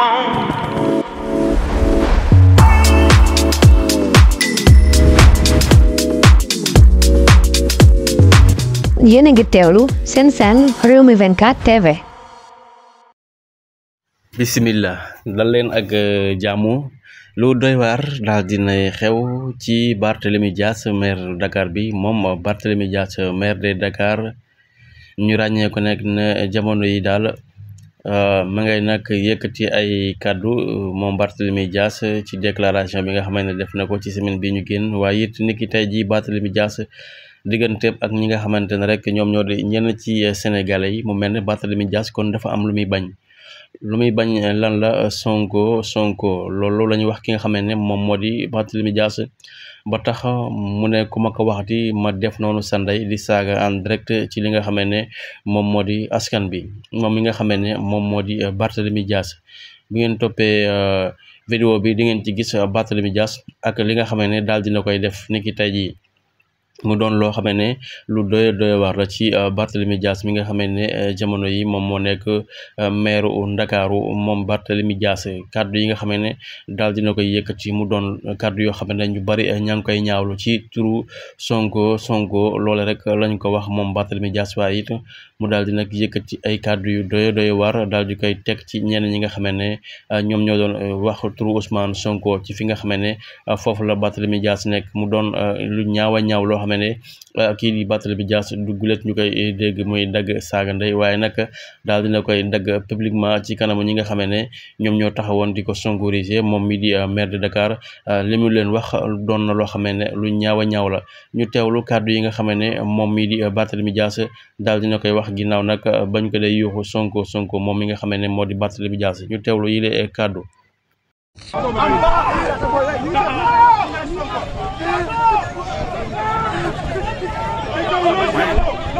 yéen a ngi teewlu seen seen réew mi TV. bisimilah dal leen ak uh, jàmm lu doy waar daal xew ci Barthélemy Dias maire Dakar bi moom uh, Barthélemy Dias maire de Dakar ñu ràññeeku ko nekk na uh, jamono yi daal. Euh, ma ngay nag yëkkati ay kàddu euh, moom mi Dias ci déclaration bi nga xam ne def na ko ci semaine bi ñu génn waaye it niki tey jii Barthélemy jaas digganteem ak ñi nga xamante ne rek ñoom ñoo di ñenn ci sénégalais yi mu mel ne mi jaas kon dafa am lu muy bañ lu muy bañ lan la Sonko Sonko loolu la ñuy wax ki nga xam ne moom moo di mi Dias ba tax mu ne ku ma ko waxati ma def noonu sa ndey di saaga en direct ci li nga xamee ne moom moo di askan bi moom mi nga xamee ne moom moo di euh, Barthélemy Dias bu ngeen toppee euh, vidéo bi di ngeen ci gis euh, Barthélemy Dias ak li nga xamee ne daal dina koy def niki tey jii mu doon loo xam ne lu doy doy waar la ci euh, Barthélemy Dias mi nga xam ne euh, jamono yi moom moo nekk euh, maire Ndakaaru moom Barthélemy Dias kàddu yi nga xam ne daal dina koy yëkkati mu doon kàddu yoo xam ne ñu bari ñaa ngi koy ñaawlu ci turu Sonko Sonko loole rek lañ ko wax moom Barthélemy Dias waaye it mu daal di nag yëkkati ay kàddu yu doy doy waar daal di koy teg ci ñenn ñi nga xam ne ñoom ñoo doon wax turu Ousmane ci fi nga xam ne foofu la Barthélemy Dias nekk mu doon lu ñaawa ñaaw loo yoo xam ne ah, kii di Barthélémy Dias du gulet ñu koy dégg muy dagg saaga ndey waaye nag daal dina koy dagg publiquement ci kanam ñi nga xam ne ñoom ñoo taxawoon di ko sonkorisé moom mi di ah, maire de Dakar ah, li mu leen wax doon na loo xam ne lu ñaaw a ñaaw la ñu teewlu kàddu yi nga xam ne moom mi di Barthélémy Dias daal dina koy wax ginnaaw nag bañ ko day yuuxu Sonko Sonko moom mi nga xam ne moo di Barthélémy Dias ñu teewlu yi la kàddu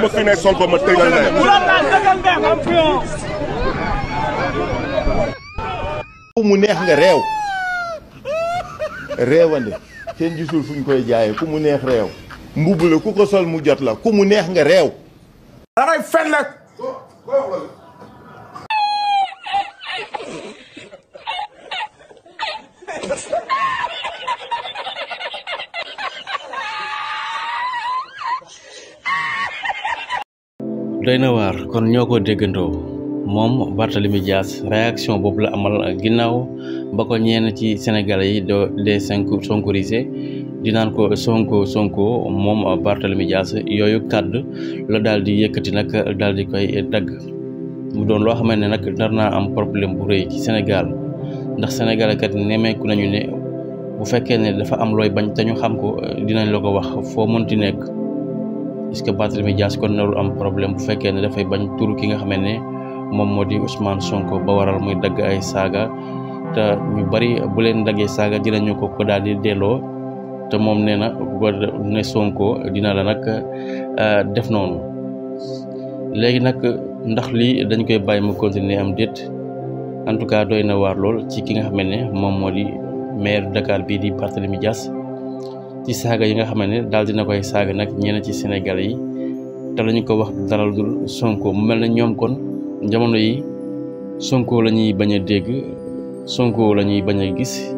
Mă finesse solvă mă tăi la O mulher nga réew réewande kenn gisul fuñ koy jaayee ku mu neex réew mbubb la ku ko sol mu jot la doy na waar kon ñoo ko déggantoo moom Barthélemy Dias réaction boobu la amal ginnaaw ba ko ñeen ci Sénégalais yi do les cinq sonkorisé di naan ko sonko sonko moom Barthélemy Dias yooyu kàddu la daal di yëkkati nag daal di koy dagg mu doon loo xamante ne nag nar naa am problème bu rëy ci senegal ndax Sénégal kat nemeeku nañu ne bu fekkee ne dafa am looy bañ te ñu xam ko dinañ la ko wax foo mënti nekk. puisque mi Dias kon narul am problème bu fekkee da fay bañ turu ki nga xam ne moom moo Ousmane Sonko ba waral muy dag ay saga te ñu bari bu leen daggee saaga dinañu ko ko daal di delloo te moom nee na ne Sonko dina la nag euh, def noonu léegi nak ndax li dañ koy bay mu continuer am déet en tout cas doyna war lol ci ki nga xam ne maire Dakar bi di Barthélemy ci saga yi nga xamné dal dina koy saaga nak ñen ci Sénégalais yi té lañu ko wax dalal dul Sonko mu melni ñom kon jamono yi Sonko lañuy baña dégg Sonko lañuy baña gis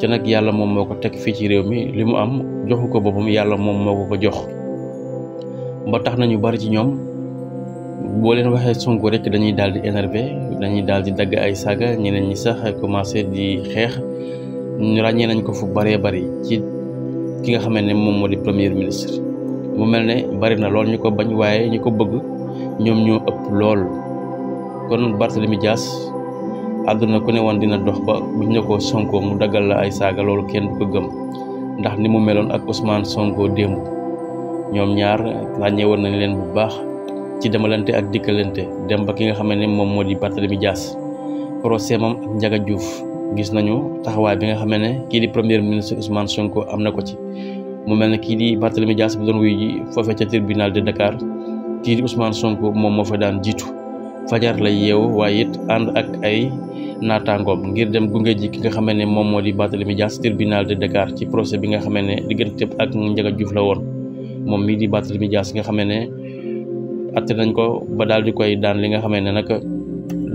te nak yalla mom moko tek fi ci réew mi limu am joxu ko yalla yàlla moom moo ko jox ba tax nañu bari ci ñom bo leen waxe Sonko rek dañuy dal di énervé dañuy dal di dagg ay saga ñeneen ñi sax commencé di xeex ñu rañé nañ ko fu bari bari ci ki nga xamante ne moom moo di premier ministre mu mel ne bari na lool ñu ko bañ waaye ñu ko bëgg ñoom ñoo ëpp lool kon Barthélemy Dias àdduna ku ne woon dina dox ba buñ ne ko Sonko mu daggal la ay saaga loolu kenn du ko ndax ni mu meloon ak Ousmane Sonko démb ñoom ñaar ràññee woon nañ leen bu baax ci demalante ak dikkalante dem ba ki nga xam ne moom moo di Barthélemy Dias procès moom ak njaga juuf gis nañu taxawaay bi nga xam ne kii di premier ministre Ousmane Sonko am na ko ci mu mel ne kii di Barthélemy Dias bi doon wuyu ji foofee ca tribunal de kii di Ousmane Sonko moom moo fa daan jiitu fajar lay yeewu waaye it ànd ak ay naataangoom ngir dem gunge ki nga xam ne moom moo di Barthélemy Dias tribunal de Dakar ci procès bi nga xam ne diggante ak Ndiaga Diouf la woon moom mii di Barthélemy Dias nga xam ne atte nañ ko ba daal di koy nga xam ne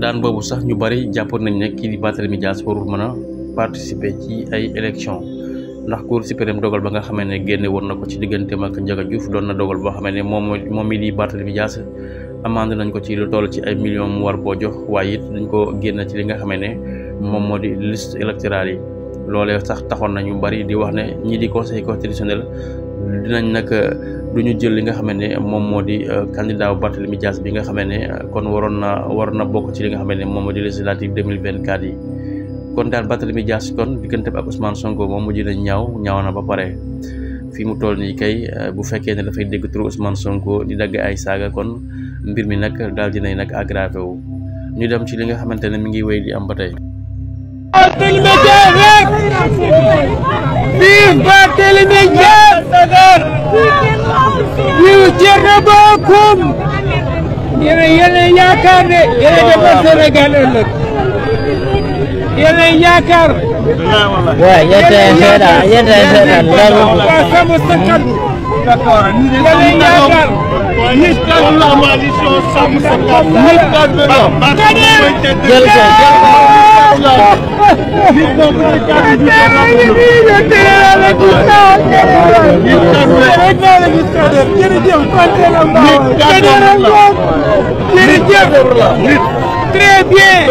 daan boobu sax ñu bari jàppoon nañ ne kii di Barthélémy Dias warul mën a participer ci ay élections ndax Cour suprême dogal ba nga xamee ne génne na ko ci digganteem ak Ndiaga Diouf doon na dogal boo xamee ne moom moom mi di Barthélémy Dias amande nañ ko ci lu toll ci ay million mu war koo jox waaye it dañ ko génn ci li nga xamee ne moom moo di liste électorale yi loolee sax taxoon nañu ñu bari di wax ne ñii di ko conseil constitutionnel dinañ nag euh, duñu jël li nga xam ne moom moo di euh, candidat bu Barthélemy Dias bi nga xam ne euh, kon waroon na waroon na bokk ci li nga xam ne moom moo di législative 2024 yi kon daal Barthélemy Dias kon diggante bi ak Ousmane Sonko moom mujj na ñaaw ñaaw na ba pare fii mu toll nii kay bu fekkee ne dafay dégg turu Ousmane Sonko di dagg ay saaga kon mbir mi nag daal dinay nag aggravé wu ñu dem ci li nga xamante ne mu ngi wéy di am ba tey Vive Barthélemy Dias vive Thierno Bocoum yéen a yéen a yaakaar ne yéen a defar Sénégal ëllëg yéen yaakaar. waaw ñett ay seetaan ñett ay seetaan loolu. sama sakkan. d'accord yaakaar. nit ka nit ka Très bien.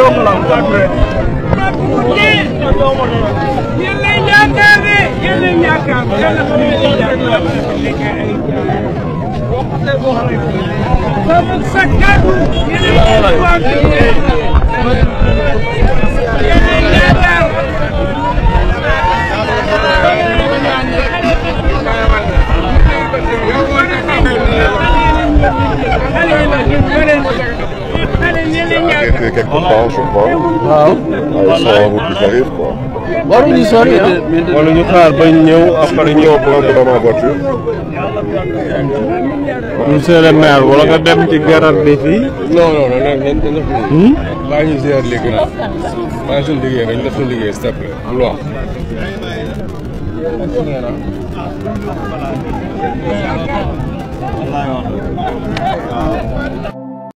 quelque part je crois. waaw ay soo wut j'arrive quoi. waruñu sori ah. wala ñu xaar bañ ñëw après ñëw prendre dans ma voiture. monsieur le maire wala nga dem ci garab bi fii. non non non nañ ko def nii. maa ngi gérer léegi nag maa ngi suñu liggéey dañu def suñu liggéey s'il te plaît lu wax. waaw.